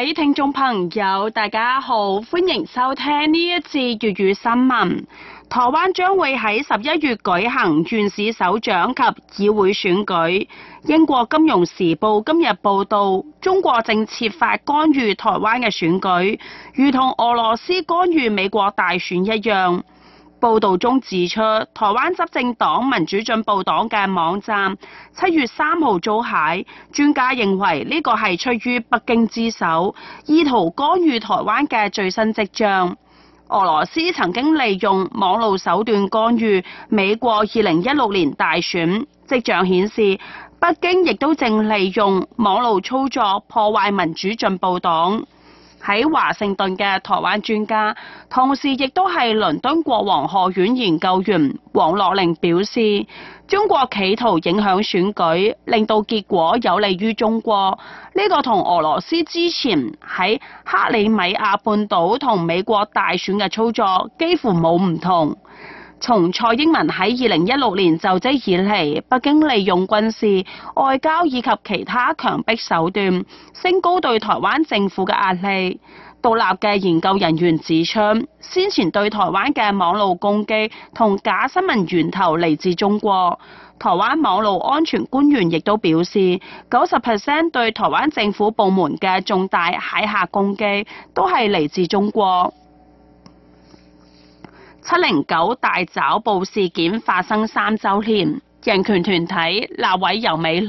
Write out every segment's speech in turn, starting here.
各位聽眾朋友，大家好，歡迎收聽呢一次粵語新聞。台灣將會喺十一月舉行縣市首長及議會選舉。英國金融時報今日報道，中國正設法干預台灣嘅選舉，如同俄羅斯干預美國大選一樣。報道中指出，台灣執政黨民主進步黨嘅網站七月三號遭駭，專家認為呢個係出於北京之手，意圖干預台灣嘅最新跡象。俄羅斯曾經利用網路手段干預美國二零一六年大選，跡象顯示北京亦都正利用網路操作破壞民主進步黨。喺華盛頓嘅台灣專家，同時亦都係倫敦國王學院研究員王樂玲表示，中國企圖影響選舉，令到結果有利於中國，呢個同俄羅斯之前喺克里米亞半島同美國大選嘅操作幾乎冇唔同。從蔡英文喺二零一六年就職以嚟，北京利用軍事、外交以及其他強迫手段，升高對台灣政府嘅壓力。獨立嘅研究人員指出，先前對台灣嘅網路攻擊同假新聞源頭嚟自中國。台灣網路安全官員亦都表示，九十 percent 對台灣政府部門嘅重大黑客攻擊都係嚟自中國。七零九大抓捕事件發生三週年，人權團體立委尤美女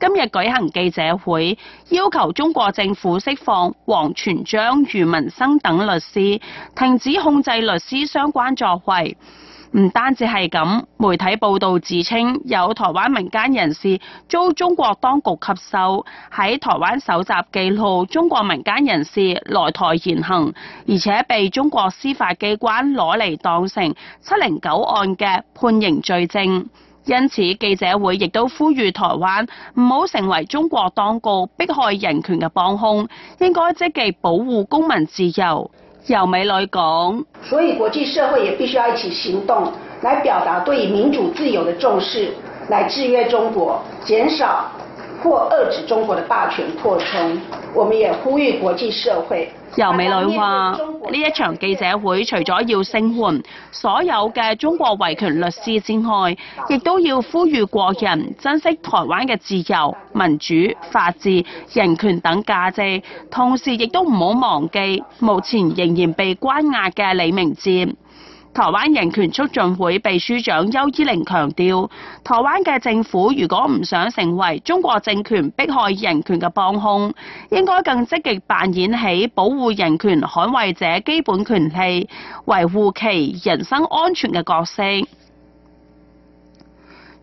今日舉行記者會，要求中國政府釋放王全璋、余文生等律師，停止控制律師相關作為。唔單止係咁，媒體報導指稱有台灣民間人士遭中國當局吸收，喺台灣搜集記錄中國民間人士來台言行，而且被中國司法機關攞嚟當成七零九案嘅判刑罪證。因此，記者會亦都呼籲台灣唔好成為中國當局迫害人權嘅幫兇，應該積極保護公民自由。由美來講，所以國際社會也必須要一起行動，來表達對民主自由的重視，來制約中國，減少。或遏止中國嘅霸權擴充，我們也呼籲國際社會。尤美女話：呢一場記者會除咗要聲援所有嘅中國維權律師之外，亦都要呼籲國人珍惜台灣嘅自由、民主、法治、人權等價值，同時亦都唔好忘記目前仍然被關押嘅李明哲。台灣人權促進會秘書長邱依玲強調，台灣嘅政府如果唔想成為中國政權迫害人權嘅幫兇，應該更積極扮演起保護人權捍衞者基本權利、維護其人身安全嘅角色。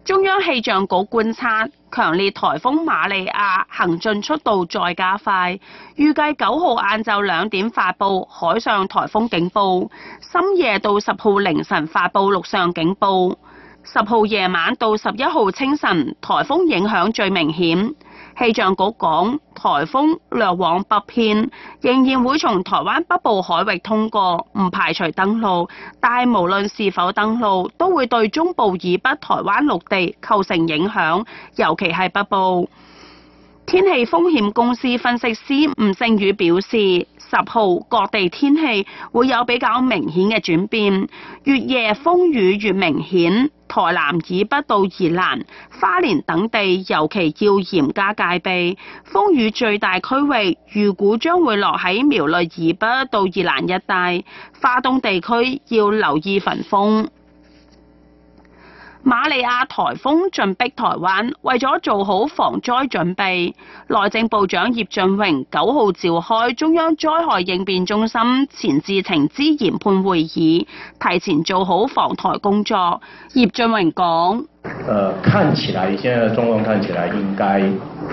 中央氣象局觀察，強烈颱風瑪利亞行進速度再加快，預計九號晏晝兩點發佈海上颱風警報，深夜到十號凌晨發佈陸上警報，十號夜晚到十一號清晨颱風影響最明顯。氣象局講，颱風略往北偏，仍然會從台灣北部海域通過，唔排除登陸。但係無論是否登陸，都會對中部以北台灣陸地構成影響，尤其係北部。天氣風險公司分析師吳聖宇表示，十號各地天氣會有比較明顯嘅轉變，越夜風雨越明顯。台南以北到宜蘭、花蓮等地，尤其要嚴加戒備。風雨最大區域預估將會落喺苗栗以北到宜蘭一帶，花東地區要留意焚風。馬利亞颱風進逼台灣，為咗做好防災準備，內政部長葉俊榮九號召開中央災害應變中心前置程資研判會議，提前做好防台工作。葉俊榮講：誒、呃，看起來，現在中央看起來應該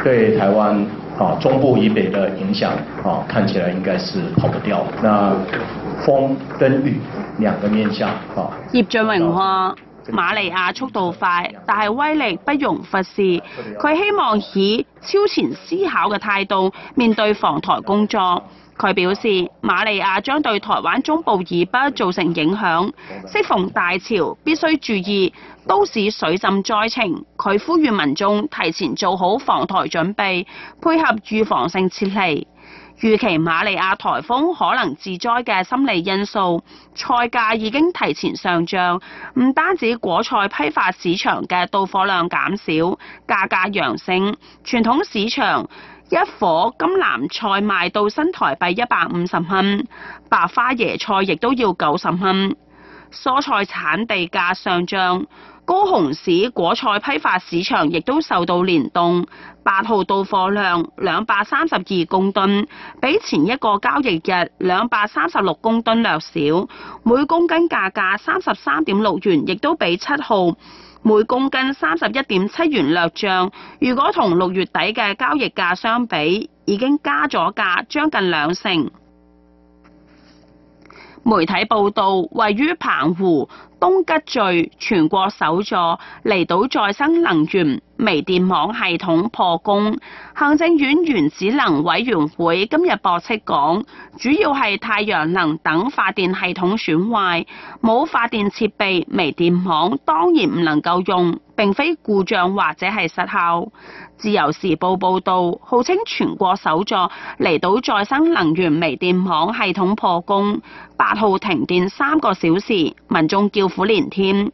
對台灣啊中部以北的影響啊，看起來應該是跑不掉。那風跟雨兩個面向啊。葉俊榮話。瑪利亞速度快，但係威力不容忽視。佢希望以超前思考嘅態度面對防台工作。佢表示，瑪利亞將對台灣中部以北造成影響，適逢大潮，必須注意都市水浸災情。佢呼籲民眾提前做好防台準備，配合預防性撤離。預期瑪利亞颱風可能致災嘅心理因素，菜價已經提前上漲。唔單止果菜批發市場嘅到貨量減少，價格揚升。傳統市場一顆金蘭菜賣到新台幣一百五十蚊，白花椰菜亦都要九十蚊。蔬菜產地價上漲。高雄市果菜批發市場亦都受到連動，八號到貨量兩百三十二公噸，比前一個交易日兩百三十六公噸略少，每公斤價格三十三點六元，亦都比七號每公斤三十一點七元略漲。如果同六月底嘅交易價相比，已經加咗價將近兩成。媒體報道，位於澎湖東吉嶼全國首座離島再生能源。微電網系統破功，行政院原子能委員會今日駁斥講，主要係太陽能等發電系統損壞，冇發電設備，微電網當然唔能夠用，並非故障或者係失效。自由時報報道，號稱全國首座離島再生能源微電網系統破功，八號停電三個小時，民眾叫苦連天。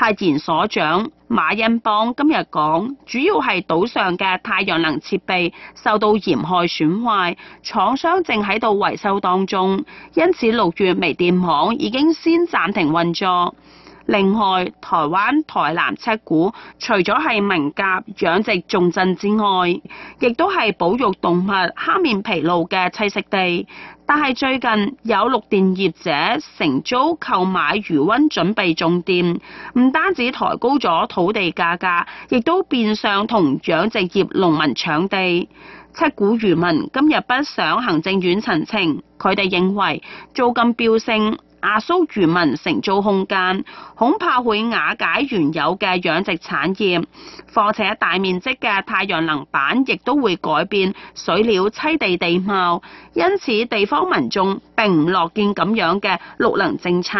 太岩所長馬恩邦今日講，主要係島上嘅太陽能設備受到嚴害損壞，廠商正喺度維修當中，因此六月微電網已經先暫停運作。另外，台灣台南七股除咗係名甲養殖重鎮之外，亦都係保育動物黑面琵鷺嘅棲息地。但係最近有綠電業者承租購買魚塭，準備種電，唔單止抬高咗土地價格，亦都變相同養殖業農民搶地。七股漁民今日北上行政院陳情，佢哋認為租金飆升，阿蘇漁民承租空間恐怕會瓦解原有嘅養殖產業，況且大面積嘅太陽能板亦都會改變水鳥棲地地貌，因此地方民眾並唔樂見咁樣嘅綠能政策。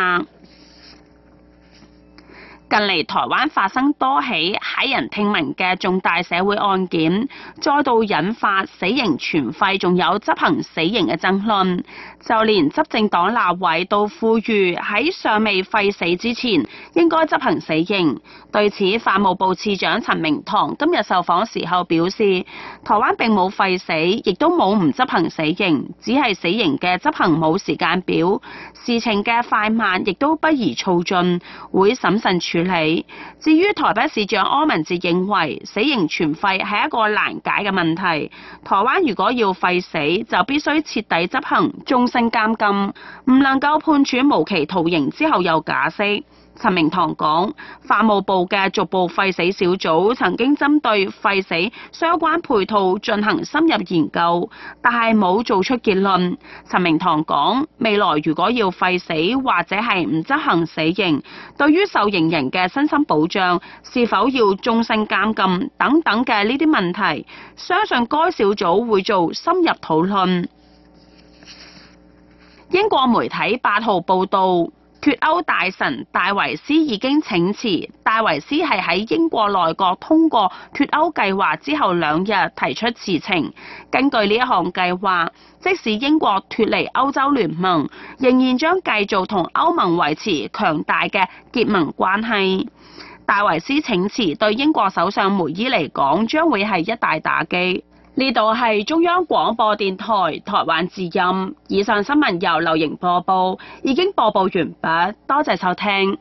近嚟台灣發生多起駭人聽聞嘅重大社會案件，再度引發死刑全廢，仲有執行死刑嘅爭論。就連執政黨立委都呼籲喺尚未廢死之前應該執行死刑。對此，法務部次長陳明堂今日受訪時候表示，台灣並冇廢死，亦都冇唔執行死刑，只係死刑嘅執行冇時間表，事情嘅快慢亦都不宜躁進，會審慎處理。至於台北市長柯文哲認為，死刑全廢係一個難解嘅問題。台灣如果要廢死，就必須徹底執行終身監禁，唔能夠判處無期徒刑之後又假釋。陳明堂講，法務部嘅逐步廢死小組曾經針對廢死相關配套進行深入研究，但係冇做出結論。陳明堂講，未來如果要廢死或者係唔執行死刑，對於受刑人嘅身心保障，是否要終身監禁等等嘅呢啲問題，相信該小組會做深入討論。英國媒體八號報道。脫歐大臣戴維斯已經請辭。戴維斯係喺英國內閣通過脫歐計劃之後兩日提出辭呈。根據呢一項計劃，即使英國脫離歐洲聯盟，仍然將繼續同歐盟維持強大嘅結盟關係。戴維斯請辭對英國首相梅伊嚟講，將會係一大打擊。呢度係中央廣播電台台灣之音，以上新聞由流行播報，已經播報完畢，多謝收聽。